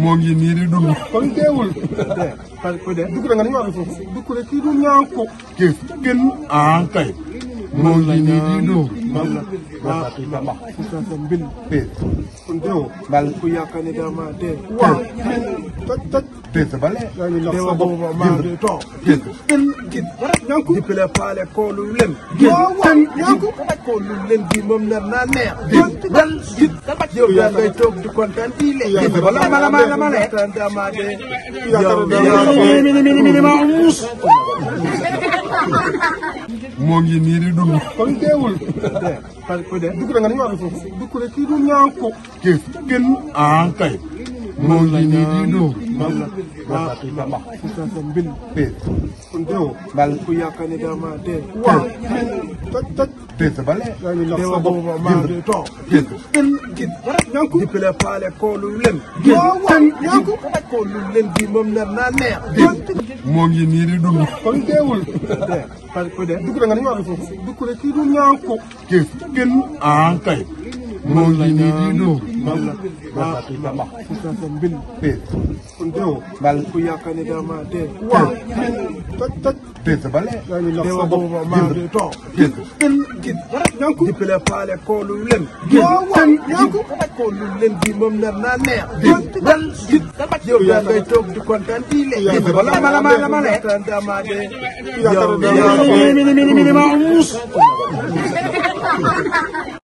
moo ngi nii di dund. kon parce que de dugg na nga ni ñu waxee foofu. dugg na kii du ñaan ko. kii gën. ah kay. moo ngi nii di dóor ma fusata mbil pe ndew bal ku yakane dama de wa tak tak de sa bal de wa bo ma de to de ken gid yanku di pele pale ko lu len gid ken yanku ko lu len bi moom nar na neex gid dal gid yow yaa ngay toog di kontaan di le gid wala mala mala mala dama de yow yaa ngay toog di kontaan di le moo ngi nii di dund. kon deewul. ku dee dugg na nga ni nga waxee foofu. dugg na kii du ñaanku. kii kenn ah kay. moo ngi nii di dund. maa dee. waaw toj toj. déet bale. deewa boobu maa dee too. déet kenn gi. di pele koolu len. waaw moom nar naa neex. moo ngi nii di dund. kon teewul. parce que na nga ni a waxee na kii ko. kii kenn. ah kay. moo ngi nii di malla maa ma sitasa mbil on dewo bal ko yakkane dama de waaw tak tak ma de to gel gel yanko dippele paale koolu len gel tan len bi moom nar naa neex dal git yow yaa ngay toog di kontaan di le gel bala mala mala mala